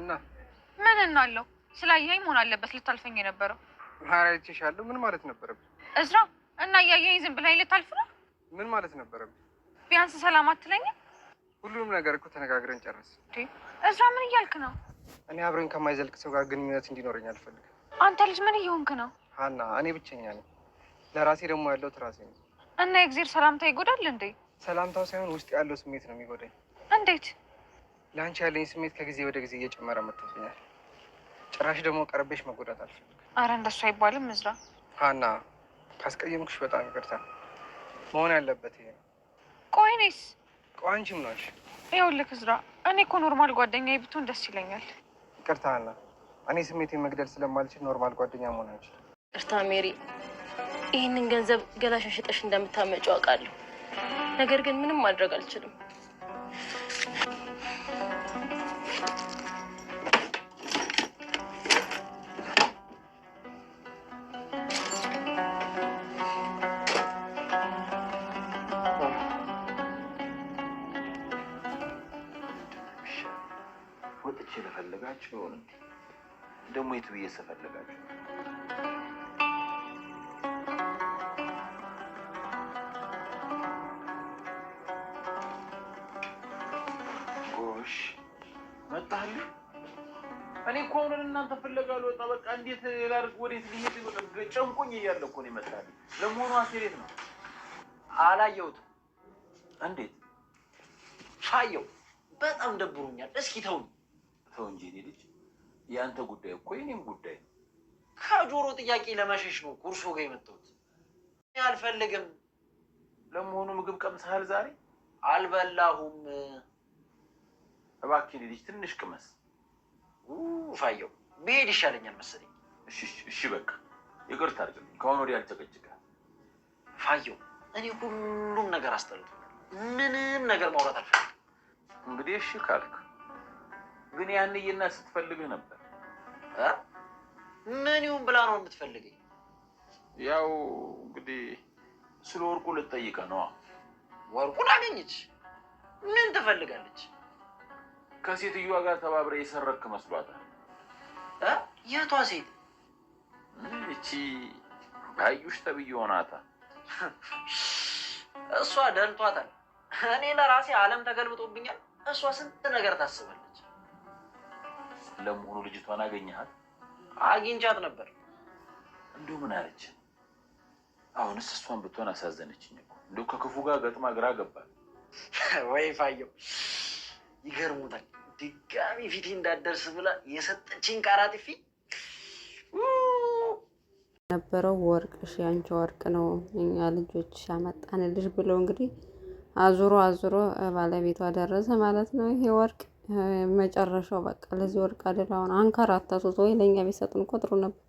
እና ምን እናለው? ስላየኸኝ መሆን አለበት ልታልፈኝ የነበረው። ኧረ አይቼሻለሁ። ምን ማለት ነበረብኝ? እዝራ እና እያየኝ ዝም ብለኸኝ ልታልፍ ነው? ምን ማለት ነበረብኝ? ቢያንስ ሰላም አትለኝም? ሁሉንም ነገር እኮ ተነጋግረን ጨረስ። እዝራ ምን እያልክ ነው? እኔ አብረኝ ከማይዘልቅ ሰው ጋር ግንኙነት እንዲኖረኝ አልፈልግም። አንተ ልጅ ምን እየሆንክ ነው? ሀና እኔ ብቸኛ ነኝ። ለራሴ ደግሞ ያለሁት ራሴ ነው። እና የእግዜር ሰላምታ ይጎዳል እንዴ? ሰላምታው ሳይሆን ውስጥ ያለው ስሜት ነው የሚጎዳኝ። እንዴት? ለአንቺ ያለኝ ስሜት ከጊዜ ወደ ጊዜ እየጨመረ መጥቶብኛል። ጭራሽ ደግሞ ቀርቤሽ መጎዳት አልፈልግም። አረ እንደሱ አይባልም እዝራ። ሀና ካስቀየምኩሽ በጣም ይቅርታ። መሆን ያለበት ይሄ ቆይ እኔስ? ቆይ አንቺ ምን ይኸውልህ እዝራ፣ እኔ እኮ ኖርማል ጓደኛዬ ብትሆን ደስ ይለኛል። ይቅርታ ሀና፣ እኔ ስሜቴን መግደል ስለማልችል ኖርማል ጓደኛ መሆን አንችል። ይቅርታ ሜሪ፣ ይህንን ገንዘብ ገላሽን ሽጠሽ እንደምታመጪው አውቃለሁ፣ ነገር ግን ምንም ማድረግ አልችልም። ያላችሁ ይሆን ደግሞ የት ብዬ ስፈልጋችሁ ጎሽ መጣል። እኔ እኮ አሁንን እናንተ ፍለጋ ልወጣ በቃ እንዴት ላድርግ ወዴት ሊሄድ ጨንቆኝ እያለ እኮ ነው ይመጣል። ለመሆኑ አሴሬት ነው አላየሁትም። እንዴት ሻየው በጣም ደብሮኛል። እስኪ ተውኝ። ተው እንጂ እኔ ልጅ፣ የአንተ ጉዳይ እኮ የኔም ጉዳይ ነው። ከጆሮ ጥያቄ ለመሸሽ ነው ኩርሶ እርሶ ጋር የመጣሁት። አልፈልግም። ለመሆኑ ምግብ ቀምሰሃል ዛሬ? አልበላሁም። እባክህ ልጅ ትንሽ ቅመስ። ፋየው ብሄድ ይሻለኛል መሰለኝ። እሺ በቃ ይቅርታ አድርግልኝ። ከአሁን ወዲህ አልጨቀጭቀህም። ፋየው እኔ ሁሉም ነገር አስጠልቶኛል። ምንም ነገር ማውራት አልፈልግም። እንግዲህ እሺ ካልክ ግን ያን እየና ስትፈልግህ ነበር። ምን ይሁን ብላ ነው የምትፈልገኝ? ያው እንግዲህ ስለ ወርቁ ልጠይቀ ነዋ። ወርቁን አገኘች፣ ምን ትፈልጋለች? ከሴትዮዋ ጋር ተባብረ የሰረክ መስሏታል። የቷ ሴት? እቺ ባዩሽ ተብዬ ሆናታ። እሷ ደልቷታል። እኔ ለራሴ አለም ተገልብጦብኛል። እሷ ስንት ነገር ታስባል ለመሆኑ ልጅቷን አገኘሃት? አግኝቻት ነበር። እንዲሁ ምን አለች? አሁንስ እሷን ብትሆን አሳዘነችኝ እኮ እንዲሁ ከክፉ ጋር ገጥማ ግራ ገባል። ወይ ፋየው ይገርሙታል። ድጋሚ ፊቴ እንዳደርስ ብላ የሰጠችኝ ቃራጢፊ ነበረው ወርቅ ያንቺ ወርቅ ነው እኛ ልጆች ያመጣንልሽ ብሎ እንግዲህ አዙሮ አዙሮ ባለቤቷ ደረሰ ማለት ነው ይሄ ወርቅ መጨረሻው በቃ ለዚህ ወርቅ አይደል አሁን አንከራታቱት ወይ ለእኛ ቢሰጡን እኮ ጥሩ ነበር።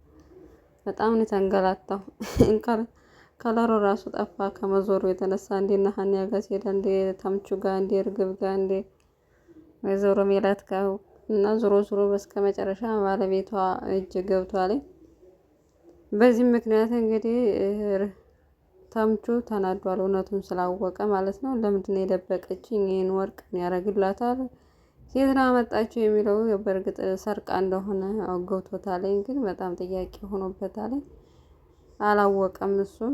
በጣም ነው የተንገላታው። ከለሩ ራሱ ጠፋ ከመዞሩ የተነሳ እንዴ እና ሀኒያ ጋር ሲሄድ እንዴ ታምቹ ጋር እንዴ እርግብ ጋር እንዴ ወይዘሮ ሜላት ጋር እና ዞሮ ዞሮ በስከ መጨረሻ ባለቤቷ እጅ ገብቷል። በዚህ ምክንያት እንግዲህ ታምቹ ተናዷል። እውነቱን ስላወቀ ማለት ነው። ለምንድን ነው የደበቀችኝ? ይህን ወርቅ ያደርግላታል ከየት መጣችው የሚለው በእርግጥ ሰርቃ እንደሆነ አውገብቶታለኝ፣ ግን በጣም ጥያቄ ሆኖበታለኝ። አላወቀም እሱም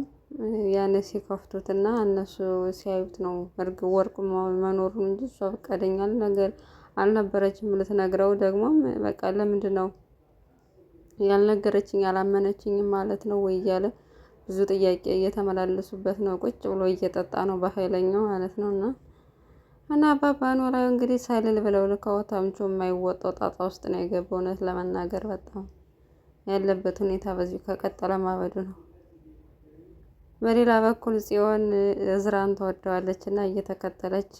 ያኔ ሲከፍቱትና እነሱ ሲያዩት ነው እርግ ወርቁ መኖሩን እንጂ እሷ ፈቃደኛ ነገር አልነበረችም ልትነግረው። ደግሞም በቃ ለምንድን ነው ያልነገረችኝ ያላመነችኝም ማለት ነው ወይ እያለ ብዙ ጥያቄ እየተመላለሱበት ነው። ቁጭ ብሎ እየጠጣ ነው በኃይለኛው ማለት ነው እና እና አባባ ኖላዊ እንግዲህ ሳይልል ብለው ልከው ተምቹ የማይወጣው ጣጣ ውስጥ ነው የገባው። እውነት ለመናገር በጣም ያለበት ሁኔታ በዚሁ ከቀጠለ ማበዱ ነው። በሌላ በኩል ጽዮን እዝራን ተወደዋለች እና እየተከተለች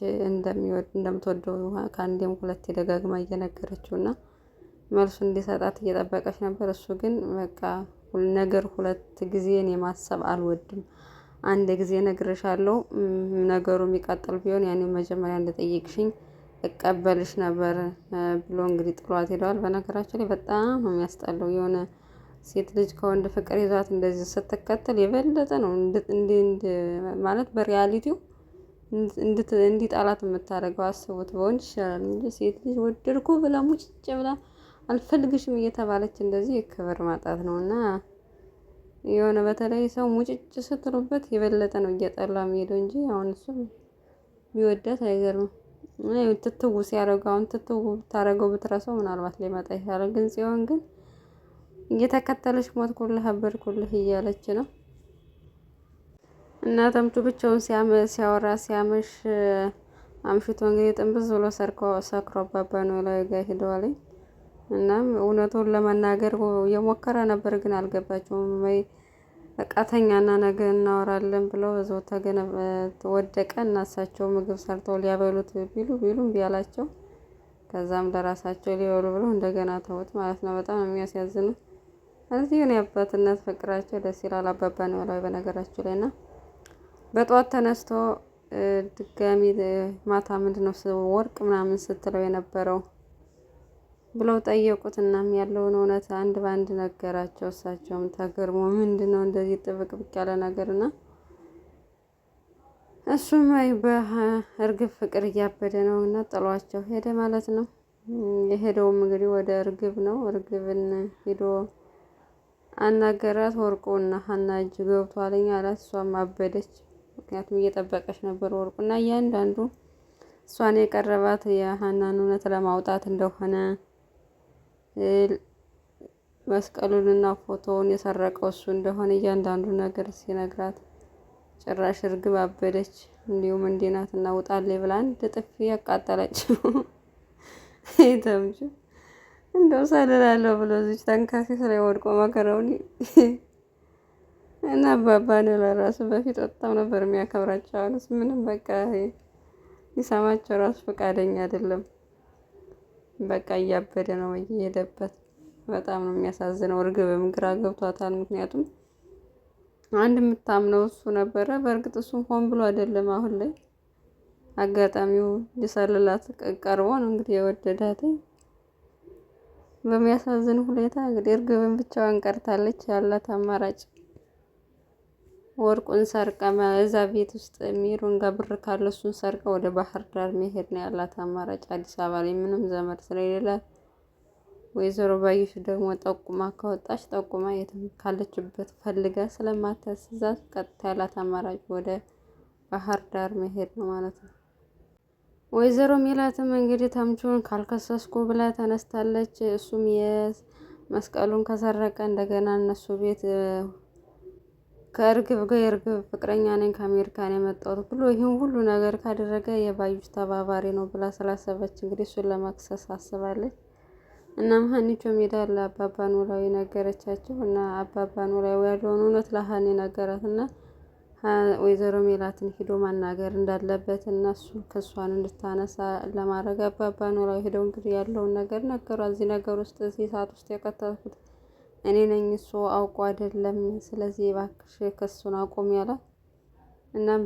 እንደምትወደው ከአንዴም ሁለቴ ደጋግማ እየነገረችው እና መልሱ እንዲሰጣት እየጠበቀች ነበር። እሱ ግን በቃ ነገር ሁለት ጊዜን የማሰብ አልወድም አንድ ጊዜ ነግርሻለሁ። ነገሩ የሚቀጥል ቢሆን ያኔ መጀመሪያ እንደጠየቅሽኝ እቀበልሽ ነበር ብሎ እንግዲህ ጥሏት ሄደዋል። በነገራችን ላይ በጣም ነው የሚያስጠላው። የሆነ ሴት ልጅ ከወንድ ፍቅር ይዟት እንደዚህ ስትከተል የበለጠ ነው ማለት በሪያሊቲው እንዲህ ጣላት የምታደርገው። አስቡት፣ በወንድ ይሻላል እንጂ ሴት ልጅ ወደድኩ ብላ ሙጭጭ ብላ አልፈልግሽም እየተባለች እንደዚህ ክብር ማጣት ነው እና የሆነ በተለይ ሰው ሙጭጭ ስትሉበት የበለጠ ነው እየጠላ የሚሄደው እንጂ አሁን እሱ ቢወዳት አይገርምም። ትትው ሲያደርገው አሁን ትትው ብታደርገው ብትረሰው ምናልባት ሊመጣ ይሻላል። ግን ሲሆን ግን እየተከተለች ሞት ኩልህ አበር ኩልህ እያለች ነው እና ተምቹ ብቻውን ሲያወራ ሲያመሽ አምሽቶ እንግዲህ ጥንብዝ ብሎ ሰክሮ አባባ ኖላዊ ጋር ሄደዋለኝ። እናም እውነቱን ለመናገር የሞከረ ነበር ግን አልገባቸውም። ወይ እቃተኛና ነገ እናወራለን ብለው እዛው ተገነ ወደቀ። እናሳቸው ምግብ ሰርተው ሊያበሉት ቢሉ ቢሉ ቢያላቸው ከዛም ለራሳቸው ሊበሉ ብለው እንደገና ተውት ማለት ነው። በጣም የሚያሳዝኑ እዚህ የአባትነት ፍቅራቸው ደስ ይላል። አባባ ነው ያለው ላይ እና በጠዋት ተነስቶ ድጋሚ ማታ ምንድነው ወርቅ ምናምን ስትለው የነበረው ብለው ጠየቁት። እናም ያለውን እውነት አንድ በአንድ ነገራቸው። እሳቸውም ተገርሞ ምንድን ነው እንደዚህ ጥብቅብቅ ያለ ነገርና እሱም በእርግብ ፍቅር እያበደ ነው እና ጥሏቸው ሄደ ማለት ነው። የሄደውም እንግዲህ ወደ እርግብ ነው። እርግብን ሄዶ አናገራት። ወርቁና ሀና እጅ ገብቷለኝ አላት። እሷም አበደች። ምክንያቱም እየጠበቀች ነበር እና እያንዳንዱ እሷን የቀረባት የሀናን እውነት ለማውጣት እንደሆነ መስቀሉንና ፎቶውን የሰረቀው እሱ እንደሆነ እያንዳንዱ ነገር ሲነግራት ጭራሽ እርግብ አበደች። እንዲሁም እንዲናት እና ውጣሌ ብላ አንድ ጥፊ ያቃጠለችው ተምቹ እንደው ሰልላለሁ ብሎ እዚች ተንካሴ ላይ ወድቆ መከረውን እና አባባን ለራሱ በፊት ወጣም ነበር የሚያከብራቸው። አሁንስ ምንም በቃ ይሰማቸው ራሱ ፈቃደኛ አይደለም። በቃ እያበደ ነው እየሄደበት። በጣም ነው የሚያሳዝነው። እርግብም ግራ ገብቷታል። ምክንያቱም አንድ የምታምነው እሱ ነበረ። በእርግጥ እሱም ሆን ብሎ አይደለም። አሁን ላይ አጋጣሚው ሊሰልላት ቀርቦ ነው እንግዲህ የወደዳት። በሚያሳዝን ሁኔታ እንግዲህ እርግብን ብቻዋን ቀርታለች። ያላት አማራጭ ወርቁን ሰርቀ እዛ ቤት ውስጥ ሚሩን ጋር ብር ካለ እሱን ሰርቀ ወደ ባህር ዳር መሄድ ነው ያላት አማራጭ። አዲስ አበባ ላይ ምንም ዘመድ ስለሌለ ወይዘሮ ባዩሽ ደግሞ ጠቁማ ከወጣች ጠቁማ የትም ካለችበት ፈልጋ ስለማታስዛት ቀጥታ ያላት አማራጭ ወደ ባህር ዳር መሄድ ነው ማለት ነው። ወይዘሮ ሚላትም እንግዲህ ተምቹን ካልከሰስኩ ብላ ተነስታለች። እሱም የመስቀሉን ከሰረቀ እንደገና እነሱ ቤት ከእርግብ ጋር የእርግብ ፍቅረኛ ነኝ ከአሜሪካን የመጣሁት ብሎ ይህን ሁሉ ነገር ካደረገ የባዩሽ ተባባሪ ነው ብላ ስላሰበች እንግዲህ እሱን ለመክሰስ አስባለች። እናም ሀኒቾ ሜዳ ለአባባ ኖላዊ ነገረቻቸው እና አባባ ኖላዊ ያለውን እውነት ለሀኒ ነገራት እና ወይዘሮ ሜላትን ሂዶ ማናገር እንዳለበት እና እሱ ክሷን እንድታነሳ ለማድረግ አባባ ኖላዊ ሂደው እንግዲህ ያለውን ነገር ነገሯ እዚህ ነገር ውስጥ እዚህ ሰዓት ውስጥ የቀጠልኩት እኔ ነኝ እሱ አውቆ አይደለም፣ ስለዚህ እባክሽ ክሱን አቁም ያላት። እናም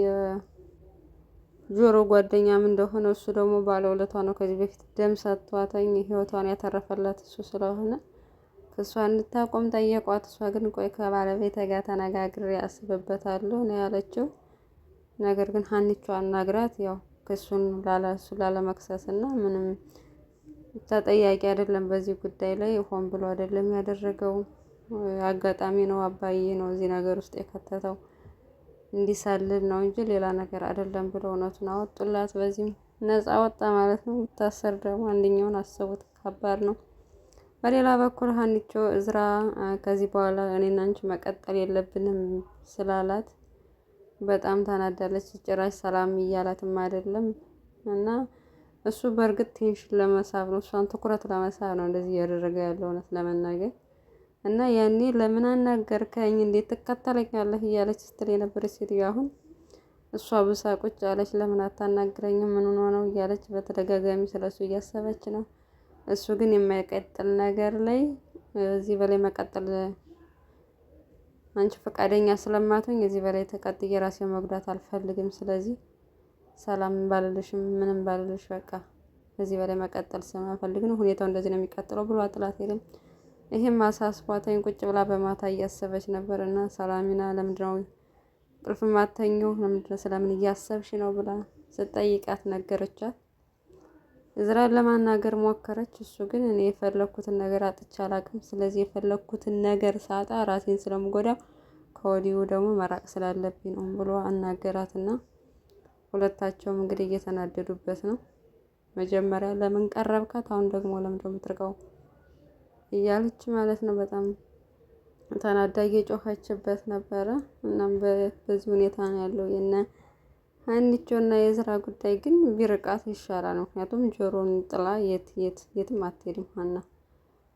የጆሮ ጓደኛም እንደሆነ እሱ ደግሞ ባለውለቷ ነው። ከዚህ በፊት ደም ሰጥቷተኝ ህይወቷን ያተረፈላት እሱ ስለሆነ እሷ እንድታቆም ጠየቋት። እሷ ግን ቆይ ከባለቤት ጋር ተነጋግሬ አስብበታለሁ ነው ያለችው። ነገር ግን ሀኒቿ አናግራት ያው ክሱን ላለመክሰስ እና ምንም ተጠያቂ አይደለም። በዚህ ጉዳይ ላይ ሆን ብሎ አይደለም ያደረገው፣ አጋጣሚ ነው፣ አባዬ ነው እዚህ ነገር ውስጥ የከተተው እንዲሳልል ነው እንጂ ሌላ ነገር አይደለም ብሎ እውነቱን አወጡላት። በዚህም ነፃ ወጣ ማለት ነው። ብታሰር ደግሞ አንደኛውን አስቡት፣ ከባድ ነው። በሌላ በኩል ሀኒቾ እዝራ ከዚህ በኋላ እኔና አንቺ መቀጠል የለብንም ስላላት በጣም ታናዳለች። ጭራሽ ሰላም እያላትም አይደለም እና እሱ በእርግጥ ቴንሽን ለመሳብ ነው፣ እሷን ትኩረት ለመሳብ ነው እንደዚህ እያደረገ ያለው እውነት ለመናገር እና ያኔ ለምን አናገርከኝ እንዴት ትከተለኛለህ እያለች ስትል የነበረች ሴትዮ አሁን እሷ ብሳ ቁጭ አለች። ለምን አታናግረኝም ምን ሆነው እያለች በተደጋጋሚ ስለሱ እያሰበች ነው። እሱ ግን የማይቀጥል ነገር ላይ እዚህ በላይ መቀጠል አንቺ ፈቃደኛ ስለማትሆኝ እዚህ በላይ ተቀጥዬ ራሴ መጉዳት አልፈልግም ስለዚህ ሰላም ባልልሽም ምንም ባልልሽ በቃ ከዚህ በላይ መቀጠል ስለማፈልግ ነው ሁኔታው እንደዚህ ነው የሚቀጥለው ብሎ ጥላት ሄደም። ይህም አሳስቧታኝ ቁጭ ብላ በማታ እያሰበች ነበር እና ሰላሚና ለምንድነው ቁልፍ ማተኘው ለምንድነው ስለምን እያሰብሽ ነው ብላ ስጠይቃት ነገረቻት። እዝራን ለማናገር ሞከረች። እሱ ግን እኔ የፈለግኩትን ነገር አጥቻ አላቅም። ስለዚህ የፈለግኩትን ነገር ሳጣ ራሴን ስለምጎዳ ከወዲሁ ደግሞ መራቅ ስላለብኝ ነው ብሎ አናገራትና ሁለታቸውም እንግዲህ እየተናደዱበት ነው። መጀመሪያ ለምን ቀረብካት፣ አሁን ደግሞ ለምንድን ነው የምትርቀው እያለች ማለት ነው። በጣም ተናዳ እየጮኸችበት ነበረ። እናም በዚህ ሁኔታ ነው ያለው የነ አንቺው እና የዝራ ጉዳይ ግን ቢርቃት ይሻላል። ምክንያቱም ጆሮን ጥላ የት የት የትም አትሄድም። ሀና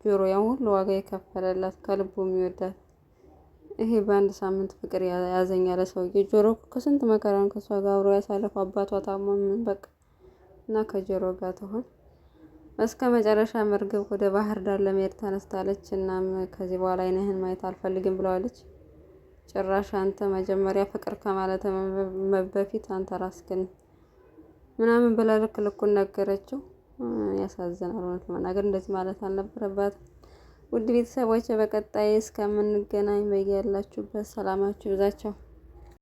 ጆሮ ያው ሁሉ ዋጋ የከፈለላት ከልቡ የሚወዳት ይሄ በአንድ ሳምንት ፍቅር ያዘኝ ያለ ሰውዬ ጆሮ ከስንት መከራን ከሷ ጋር አብሮ ያሳለፈው አባቷ ታሞ ምን በቃ እና ከጆሮ ጋር ትሆን እስከ መጨረሻ መርገብ ወደ ባህር ዳር ለመሄድ ተነስታለች። እናም ከዚህ በኋላ አይንህን ማየት አልፈልግም ብለዋለች። ጭራሽ አንተ መጀመሪያ ፍቅር ከማለት በፊት አንተ ራስክን ምናምን ብላ ልክ ልኩን ነገረችው። ያሳዝናል። እውነት ለመናገር እንደዚህ ማለት አልነበረባትም። ውድ ቤተሰቦች በቀጣይ እስከምንገናኝ በያላችሁበት ሰላማችሁ ይብዛቸው።